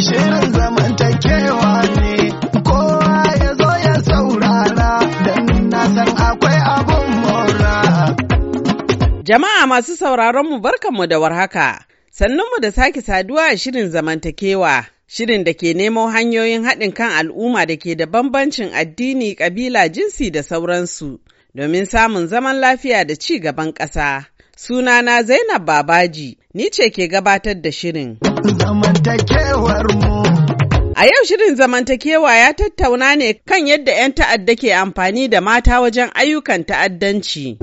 Shirin zamantakewa ne kowa ya zo ya saurara don na san akwai abun mora. Jama'a masu sauraronmu barkanmu da warhaka. Sannunmu da sake saduwa a shirin zamantakewa. Shirin da ke nemo hanyoyin haɗin kan al'umma da ke da bambancin addini, ƙabila, jinsi da sauransu domin samun zaman lafiya da ci gaban ƙasa. Sunana Zainab Babaji, ni ce ke gabatar da shirin. zamantakewar mu. A yau shirin zamantakewa ya tattauna ne kan yadda 'yan ta'adda ke amfani da mata wajen ayyukan ta'addanci.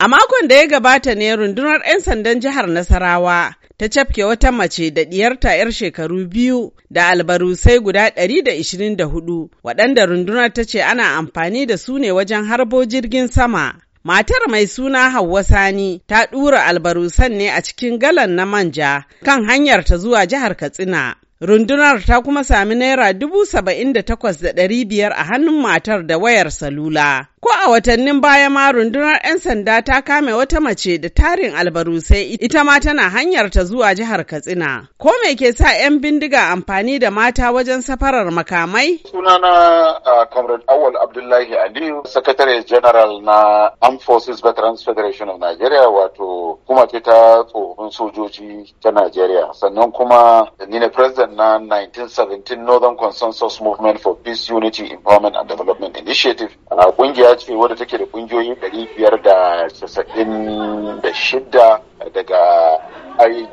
A makon da ya gabata ne rundunar 'yan sandan jihar Nasarawa ta cafke wata mace da ɗiyarta 'yar shekaru biyu da albarusai guda 124 waɗanda rundunar ta ce ana amfani da su ne wajen harbo jirgin sama Matar mai suna Hauwa Sani ta ɗura albarusan ne a cikin galan na manja kan hanyar ta zuwa jihar Katsina. Rundunar ta kuma sami naira dubu saba'in da takwas da ɗari biyar a hannun matar da wayar salula. Ko a watannin baya ma rundunar 'yan sanda ta kame wata mace da tarin albarusai ita ma tana hanyar ta zuwa jihar Katsina. Ko me ke sa 'yan bindiga amfani da mata wajen safarar makamai? Sunana uh, Comrade Awal Abdullahi Aliyu, Secretary General na Armed Forces Veterans Federation of Nigeria wato kuma ce ta tsohon sojoji ta Nigeria. Sannan kuma ni ne President na 1917 Northern Consensus Movement for Peace, Unity, Empowerment and Development Initiative. Uh, kungiya ce wadda take da kungiyoyi 596 daga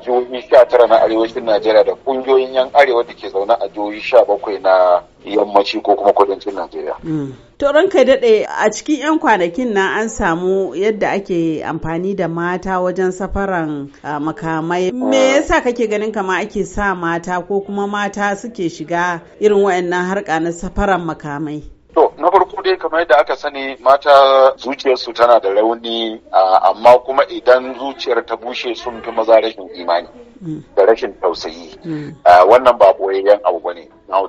jihohi 19 na arewacin Najeriya da kungiyoyin yan arewa da ke zaune a jihohi 17 na yammaci ko kuma kudancin Najeriya. Mm. To ranka daɗe a cikin 'yan kwanakin nan an samu yadda ake amfani da mata wajen safaran makamai. Me yasa kake ganin kama ake sa mata ko kuma mata suke shiga irin waɗannan harka na safaran makamai? To, na farko dai kamar yadda aka sani mata zuciyarsu tana da rauni amma kuma idan zuciyar ta bushe sun fi maza rashin imani da rashin tausayi wannan ba boyayyen abu bane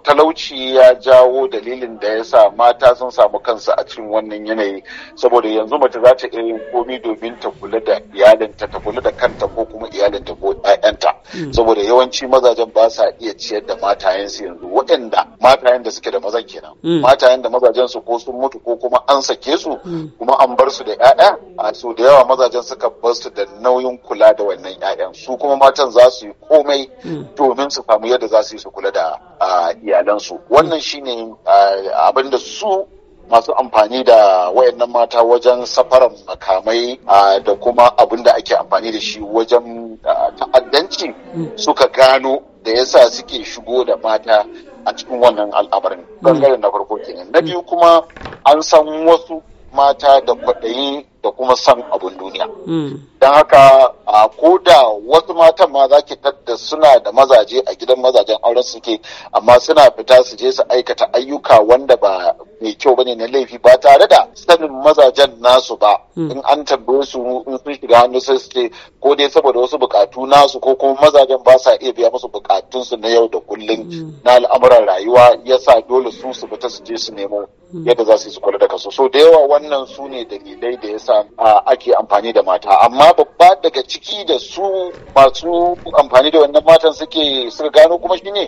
talauci ya jawo dalilin da ya sa mata sun samu kansu a cikin wannan yanayi saboda yanzu mace za ta iya komi domin ta kula da iyalinta ta kula da kanta ko kuma iyalinta ko 'ya'yanta hmm. saboda yawanci mazajen ba sa iya ciyar da matayensu yanzu waɗanda matayen da suke da mazan kenan hmm. matayen da mazajen mazajensu ko sun mutu ko kuma an sake su hmm. kuma an bar su da 'ya'ya a su da yawa mazajen suka bar su da nauyin kula da wannan 'ya'yan su kuma matan za su yi komai hmm. domin su samu yadda za su yi su kula da iyalansu wannan hmm. shine abin da su masu amfani da wayannan mata wajen safaran makamai da kuma abin da ake amfani da shi wajen ta'addanci suka gano da yasa suke shigo da mata a cikin wannan al'amarin gangaren hmm. na farko kenan na hmm. biyu kuma an san wasu mata da kwaɗayi da kuma san abin duniya hmm. don haka a ko da wasu matan ma za ki tadda suna da mazaje a gidan mazajen auren suke amma suna fita su je su aikata ayyuka wanda ba mai kyau bane na laifi ba tare da sanin mazajen nasu ba hmm. in an tambaye su in sun shiga hannu sai su ce ko dai saboda wasu bukatu nasu ko kuma mazajen ba sa iya biya musu bukatun su na yau da kullum hmm. na al'amuran rayuwa yasa dole su su fita su je su nemo hmm. yadda za su yi su kula da kaso so da yawa wannan su ne dalilai da yasa ake amfani da mata amma babba daga ciki da su masu amfani da wannan matan suke suka gano kuma shine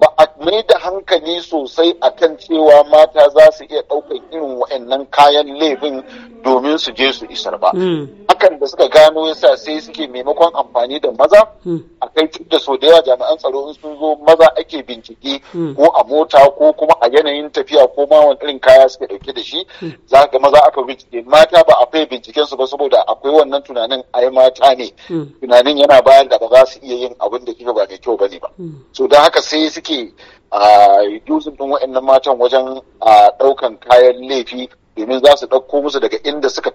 ba a mai da hankali sosai a kan cewa mata za su iya ɗaukar irin wa'annan kayan laifin domin su je su isar ba. Hmm. Hakan da suka gano yasa sai suke maimakon amfani da maza hmm. a kai da sau da yawa jami'an tsaro in sun zo maza ake bincike hmm. ko a mota ko kuma a yanayin tafiya ko ma wani irin kaya suke ɗauke da shi za ga maza aka bincike mata ba a fai binciken su ba saboda akwai wannan tunanin ai mata ne hmm. tunanin yana bayan da ba za su iya yin abin da kika ba mai kyau ba ne hmm. ba so don haka sai suke a yusin din wa'annan matan wajen a ɗaukan kayan laifi domin za su ɗauko musu daga inda suka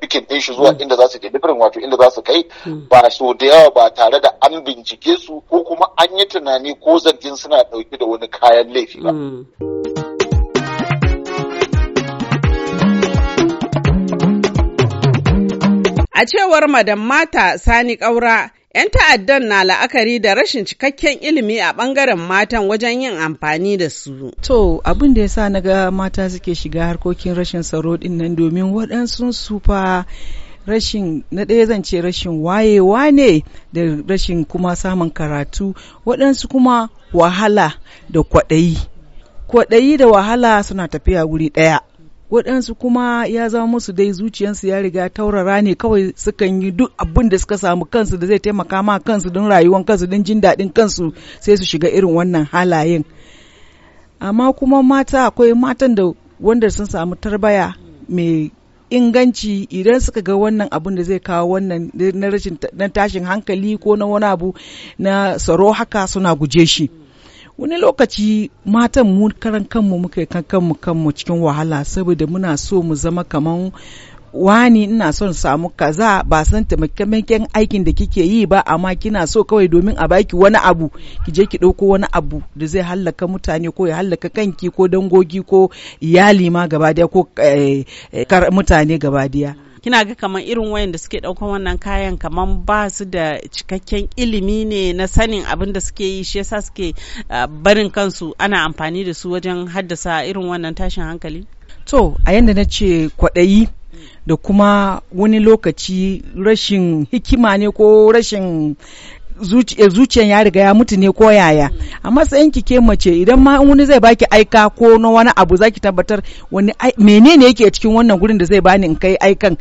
bikin ɗin shi zuwa hmm. inda za su deliverin wato inda za su kai ba so da yawa ba tare da an bincike su ko kuma an yi tunani ko zargin suna ɗauke da wani kayan laifi ba. A cewar Madam Mata Sani Ƙaura, 'yan ta'addan na la'akari da rashin cikakken ilimi a ɓangaren matan wajen yin amfani da su. To, abin da ya sa na ga mata suke shiga harkokin rashin tsaro ɗin nan domin waɗansu su fa rashin na ɗaya zan ce rashin wayewa ne da rashin kuma samun karatu waɗansu kuma wahala da kwaɗayi. Kwaɗayi da wahala suna tafiya wuri ɗaya. waɗansu kuma ya zama musu dai zuciyarsu ya riga taurara ne kawai sukan yi duk abin da suka samu kansu da zai taimaka ma kansu don rayuwan kansu don jin daɗin kansu sai su shiga irin wannan halayen amma kuma mata akwai matan da wanda sun samu tarbaya mai inganci idan suka ga wannan abin da zai kawo wannan na rashin tashin hankali ko na wani abu na tsaro haka suna guje shi. wani lokaci matan mu karan kanmu muka kan kanmu kanmu cikin wahala saboda muna so mu zama kaman wani ina son samu kaza ba san taimakon aikin da kike yi ba amma kina so kawai domin a baki wani abu ki je ki ɗauko wani abu da zai hallaka mutane ko ya hallaka kanki ko dangogi ko iyali ma gabadiya ko eh, eh, mutane gabadaya kina ga kamar irin wayanda suke daukan wannan kayan kamar ba su da cikakken ilimi ne na sanin abin da suke yi shi yasa suke uh, barin kansu ana amfani da su wajen haddasa irin wannan tashin hankali to a yanda na ce kwaɗayi da kuma wani lokaci rashin hikima ne ko rashin Eh, zuciyan ya riga ya mutu ne ko yaya a matsayin ki ke mace idan ma wani zai baki aika ko na wani abu zaki tabbatar wani menene yake a cikin wannan gurin da zai bani in kai aikan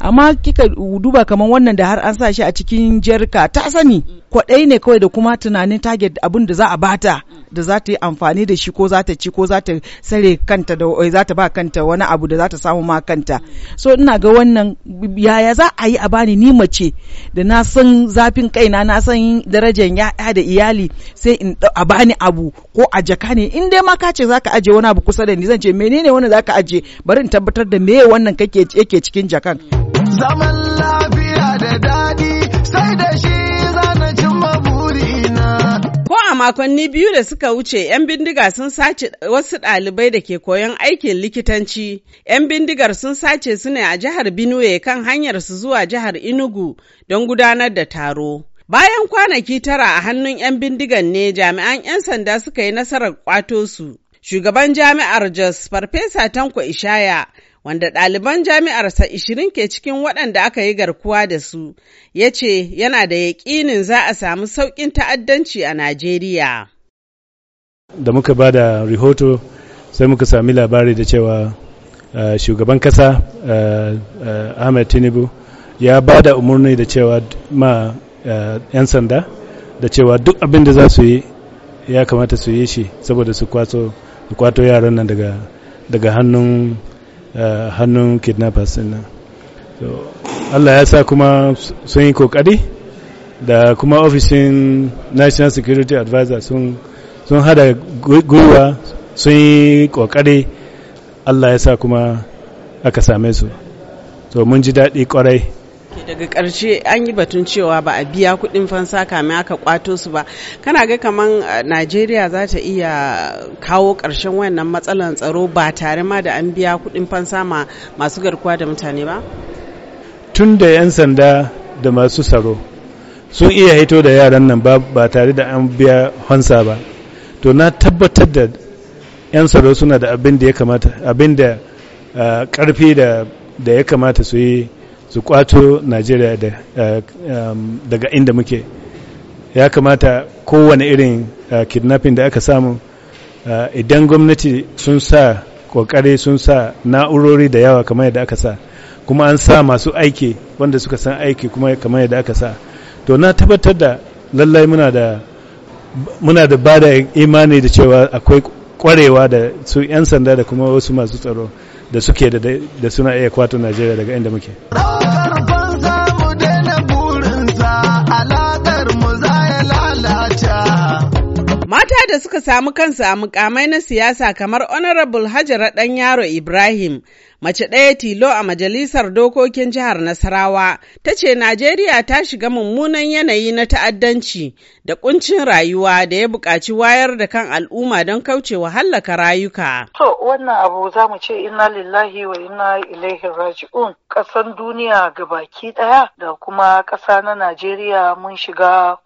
amma kika duba kamar wannan da har an sa shi a cikin jarka ta sani kwadai ne kawai da kuma tunanin target abin da za a bata da za ta yi amfani da shi ko za ta ci ko za ta sare kanta da eh, za ta ba kanta wani abu da za ta samu ma kanta so ina ga wannan yaya za a yi a bani ni mace da na san zafin kaina na san san darajar ya'ya da iyali sai in a bani abu ko a jaka ne in dai ma ka ce zaka aje wani abu kusa da ni zan ce menene wani zaka aje bari in tabbatar da me wannan kake yake cikin jakan zaman lafiya da dadi sai da shi Ko a makonni biyu da suka wuce, 'yan bindiga sun sace wasu ɗalibai da ke koyon aikin likitanci. 'Yan bindigar sun sace su ne a jihar Benue kan hanyar su zuwa jihar inugu don gudanar da taro. Bayan kwanaki tara a hannun 'yan bindigan ne jami'an 'yan sanda suka yi nasarar kwato su. Shugaban jami'ar Jos Farfesa Tanko Ishaya wanda ɗaliban jami'arsa ishirin ke cikin waɗanda aka yi garkuwa da su, ya ce yana da yaƙinin za a samu sauƙin ta'addanci a Najeriya. Da muka ba da rihoto sai muka sami labari da cewa eh, shugaban ƙasa uh, Ahmed Tinubu ya ba da umarni da cewa ma Eh, 'yan sanda da cewa duk abin da za su yi ya kamata su yi shi saboda su kwato kwato yaran nan daga daga hannun eh, hannun kidnappers nan Allah ya sa kuma sun yi kokari da kuma ofishin national security advisor sun sun hada gwiwa sun yi kokari Allah ya sa kuma aka same su to mun ji daɗi kwarai daga karshe an yi batun cewa ba a biya kuɗin fansa kamin aka kwato su ba kana ga kaman uh, najeriya za ta iya kawo ƙarshen wannan matsalan tsaro ba tare ma da an biya kuɗin fansa ma masu garkuwa da mutane ba tun da 'yan sanda da masu tsaro sun iya haito da yaran nan ba tare da an biya fansa ba to na tabbatar da 'yan tsaro suna da abin da ya kamata abin da uh, ƙarfi da ya kamata su yi su kwato najeriya eh, daga inda muke ya kamata kowane irin eh, kidnapping da aka samu eh, idan gwamnati sun sa kokari sun sa na'urori da yawa kamar yadda aka sa kuma an sa masu aiki wanda suka san aiki kuma kamar yadda aka sa to na tabbatar da lallai muna da muna da ba da imani da cewa akwai kwarewa da su 'yan sanda da kuma wasu masu tsaro da suke da suna iya kwato najeriya daga inda muke. da suka samu kansu a mukamai na siyasa kamar Honorable Hajara ɗan yaro Ibrahim, mace ɗaya tilo a Majalisar Dokokin Jihar Nasarawa, ta ce Najeriya ta shiga mummunan yanayi na ta'addanci da kuncin rayuwa da ya buƙaci wayar da kan al'umma don kauce wa hallaka rayuka. To, wannan abu za mu ce inna lillahi wa inna ilaihi raji'un. Ƙasan duniya ga baki ɗaya da kuma ƙasa na Najeriya mun shiga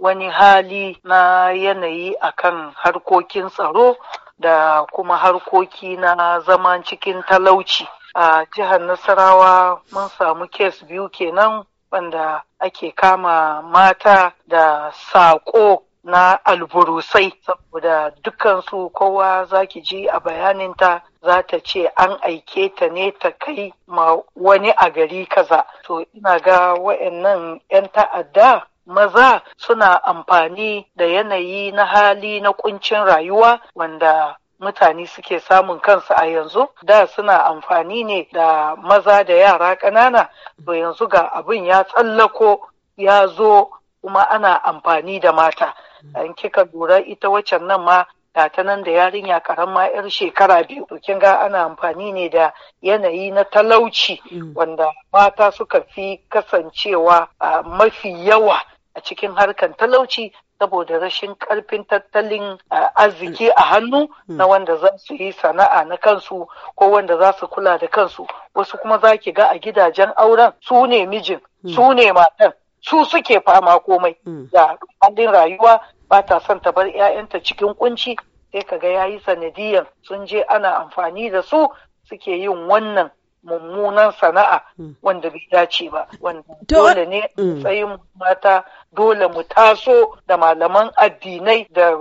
wani hali na yanayi akan harkokin tsaro da kuma harkoki na zaman cikin talauci a jihar nasarawa mun samu kes biyu kenan wanda ake kama mata da saƙo na alburusai saboda dukansu kowa zaki ji a bayaninta za ta ce an aike ta ne ta kai ma wani a gari kaza to ina ga wa'annan 'yan ta'adda maza suna amfani da yanayi na hali na kuncin rayuwa wanda mutane suke samun kansu a yanzu da suna amfani ne da maza da yara ƙanana to yanzu ga abin ya tsallako ya zo kuma ana amfani da mata an kika lura ita waccan nan ma ta nan da yarinya ma yar shekara biyu kin ga ana amfani ne da yanayi na talauci mm. wanda mata suka fi kasancewa a mafi yawa a cikin harkar talauci saboda rashin karfin tattalin arziki a hannu na hmm. wanda za su yi sana'a na kansu ko wanda za su kula da kansu wasu kuma za ki ga a gidajen auren su ne mijin hmm. su ne matan su suke fama komai hmm. da halin rayuwa ba ta son ta bar 'ya'yanta cikin kunci sai ka ga ya yi sanadiyan sun je ana amfani da su suke yin wannan mummunan sana'a hmm. wanda bai dace ba wanda dole ne hmm. tsayin mata dole mu taso da malaman addinai da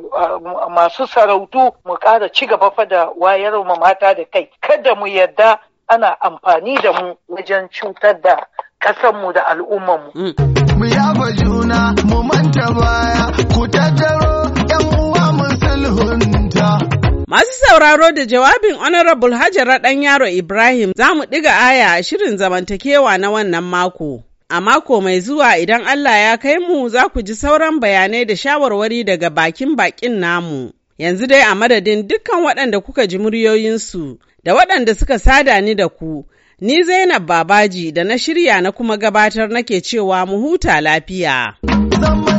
masu sarautu mu kara ci gaba fa da wayar ma mata da kai kada mu yarda ana amfani da mu wajen cutar da hmm. mu da al'ummar Mu Mu yaba juna mu manta baya ku tattaro 'yan uwa mu sulhunta. Masu sauraro da jawabin Honorable Hajara ɗan yaro Ibrahim za mu ɗiga aya a shirin zamantakewa na wannan mako. A mako mai zuwa idan Allah ya kai mu za ku ji sauran bayanai da shawarwari daga bakin bakin namu. Yanzu dai a madadin dukkan waɗanda kuka ji muryoyinsu da waɗanda suka sada ni da ku, ni Zainab Babaji da na shirya na kuma gabatar nake cewa mu huta lafiya.